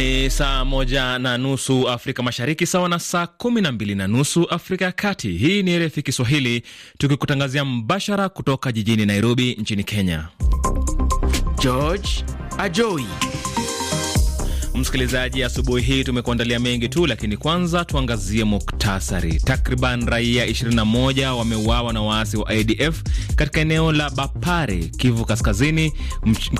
Ni saa moja na nusu Afrika Mashariki, sawa na saa kumi na mbili na nusu Afrika ya Kati. Hii ni RFI Kiswahili tukikutangazia mbashara kutoka jijini Nairobi nchini Kenya. George Ajoi Msikilizaji, asubuhi hii tumekuandalia mengi tu, lakini kwanza tuangazie muktasari. Takriban raia 21 wameuawa na waasi wa ADF katika eneo la Bapare, Kivu Kaskazini,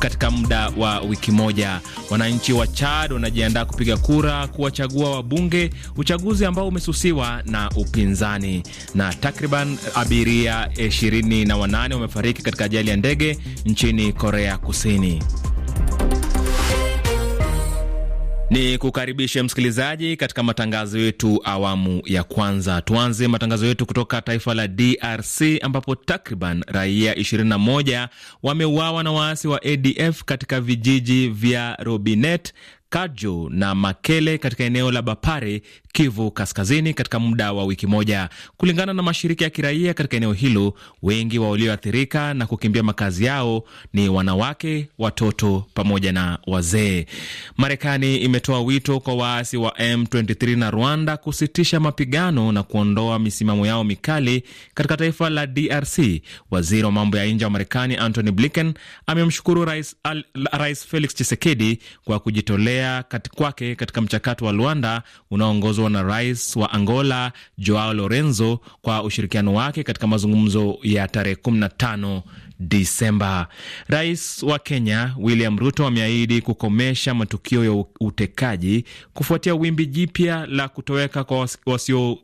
katika muda wa wiki moja. Wananchi wa Chad wanajiandaa kupiga kura kuwachagua wabunge, uchaguzi ambao umesusiwa na upinzani. Na takriban abiria 28 wamefariki katika ajali ya ndege nchini Korea Kusini. Ni kukaribishe msikilizaji katika matangazo yetu awamu ya kwanza. Tuanze matangazo yetu kutoka taifa la DRC ambapo takriban raia 21 wameuawa na waasi wa ADF katika vijiji vya Robinet Kajo na Makele katika eneo la Bapare, Kivu Kaskazini, katika muda wa wiki moja. Kulingana na mashirika ya kiraia katika eneo hilo, wengi wa walioathirika na kukimbia makazi yao ni wanawake, watoto pamoja na wazee. Marekani imetoa wito kwa waasi wa M23 na Rwanda kusitisha mapigano na kuondoa misimamo yao mikali katika taifa la DRC. Waziri wa mambo ya nje wa Marekani Antony Blinken amemshukuru Rais, Rais Felix Tshisekedi kwa kujitolea kuendelea kati kwake katika mchakato wa Luanda unaoongozwa na rais wa Angola Joao Lorenzo kwa ushirikiano wake katika mazungumzo ya tarehe 15 Disemba. Rais wa Kenya William Ruto ameahidi kukomesha matukio ya utekaji kufuatia wimbi jipya la kutoweka kwa wasio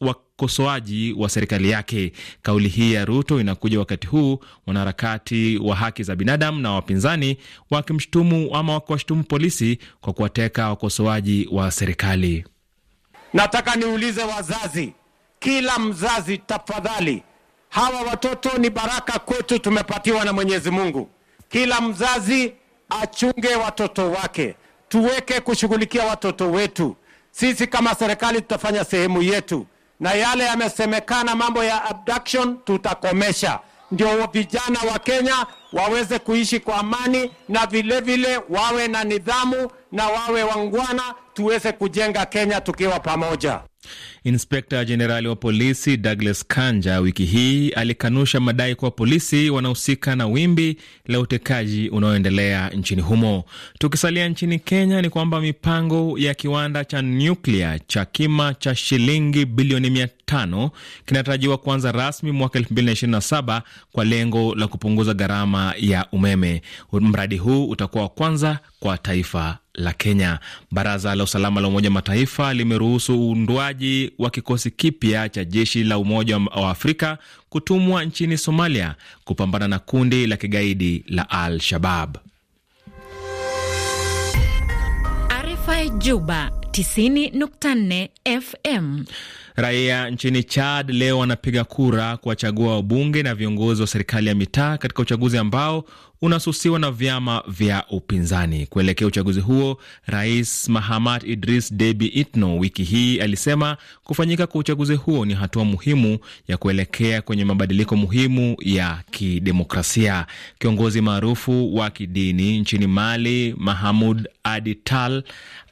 wakosoaji wa serikali yake. Kauli hii ya Ruto inakuja wakati huu wanaharakati wa haki za binadamu na wapinzani wakimshutumu ama wakiwashutumu polisi kwa kuwateka wakosoaji wa serikali. Nataka niulize wazazi, kila mzazi tafadhali Hawa watoto ni baraka kwetu, tumepatiwa na Mwenyezi Mungu. Kila mzazi achunge watoto wake, tuweke kushughulikia watoto wetu. Sisi kama serikali tutafanya sehemu yetu, na yale yamesemekana mambo ya abduction tutakomesha, ndio vijana wa Kenya waweze kuishi kwa amani na vilevile vile wawe na nidhamu na wawe wangwana, tuweze kujenga Kenya tukiwa pamoja. Inspekta Jenerali wa polisi Douglas Kanja wiki hii alikanusha madai kuwa polisi wanahusika na wimbi la utekaji unaoendelea nchini humo. Tukisalia nchini Kenya, ni kwamba mipango ya kiwanda cha nyuklia cha kima cha shilingi bilioni mia tano kinatarajiwa kuanza rasmi mwaka 2027 kwa lengo la kupunguza gharama ya umeme. Mradi huu utakuwa wa kwanza kwa taifa la Kenya. Baraza la usalama la Umoja Mataifa limeruhusu uundwaji wa kikosi kipya cha jeshi la Umoja wa Afrika kutumwa nchini Somalia kupambana na kundi la kigaidi la Al-Shabab. Juba 90.4 FM Raia nchini Chad leo wanapiga kura kuwachagua wabunge na viongozi wa serikali ya mitaa katika uchaguzi ambao unasusiwa na vyama vya upinzani. Kuelekea uchaguzi huo, Rais Mahamat Idris debi Itno wiki hii alisema kufanyika kwa uchaguzi huo ni hatua muhimu ya kuelekea kwenye mabadiliko muhimu ya kidemokrasia. Kiongozi maarufu wa kidini nchini Mali, Mahamud Adi Tal,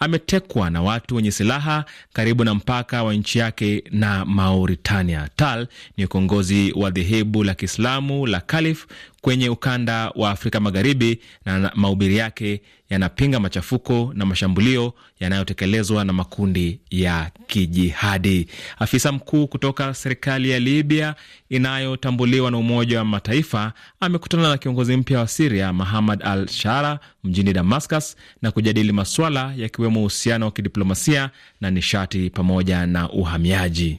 ametekwa na watu wenye silaha karibu na mpaka wa nchi yake na Mauritania. Tal ni kiongozi wa dhehebu la Kiislamu la Kalif kwenye ukanda wa Afrika Magharibi, na mahubiri yake yanapinga machafuko na mashambulio yanayotekelezwa na makundi ya kijihadi. Afisa mkuu kutoka serikali ya Libya inayotambuliwa na Umoja wa Mataifa amekutana na kiongozi mpya wa Siria Mahamad al Shara mjini Damascus na kujadili maswala yakiwemo uhusiano wa kidiplomasia na nishati pamoja na uhamiaji.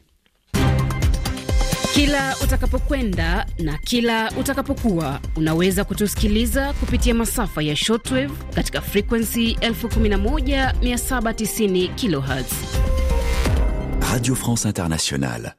Kila utakapokwenda na kila utakapokuwa unaweza kutusikiliza kupitia masafa ya shortwave katika frequency 11790 kilohertz. Radio France Internationale.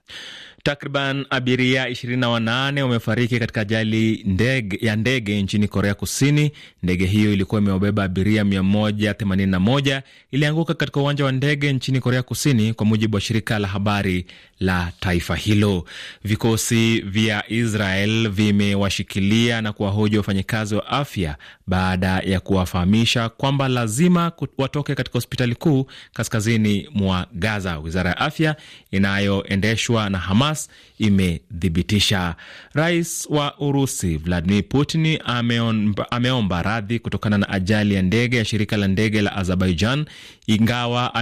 Takriban abiria 28 wamefariki katika ajali ndege, ya ndege nchini Korea Kusini. Ndege hiyo ilikuwa imewabeba abiria 181 ilianguka katika uwanja wa ndege nchini Korea Kusini, kwa mujibu wa shirika la habari la taifa hilo. Vikosi vya Israel vimewashikilia na kuwahoja wafanyakazi wa afya baada ya kuwafahamisha kwamba lazima watoke katika hospitali kuu kaskazini mwa Gaza. Wizara ya afya inayoendeshwa na Hamas Hamas imethibitisha. Rais wa Urusi Vladimir Putin ameomba, ameomba radhi kutokana na ajali ya ndege ya shirika la ndege la Azerbaijan, ingawa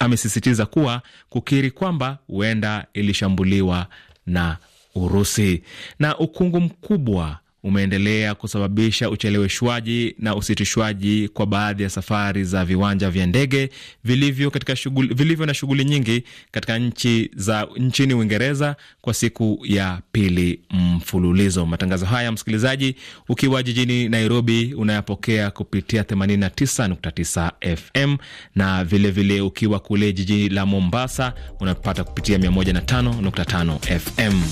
amesisitiza kuwa kukiri kwamba huenda ilishambuliwa na Urusi. Na ukungu mkubwa umeendelea kusababisha ucheleweshwaji na usitishwaji kwa baadhi ya safari za viwanja vya ndege vilivyo vilivyo na shughuli nyingi katika nchi za nchini Uingereza kwa siku ya pili mfululizo. Matangazo haya msikilizaji, ukiwa jijini Nairobi unayapokea kupitia 89.9 FM na vilevile vile ukiwa kule jijini la Mombasa unapata kupitia 105.5 FM.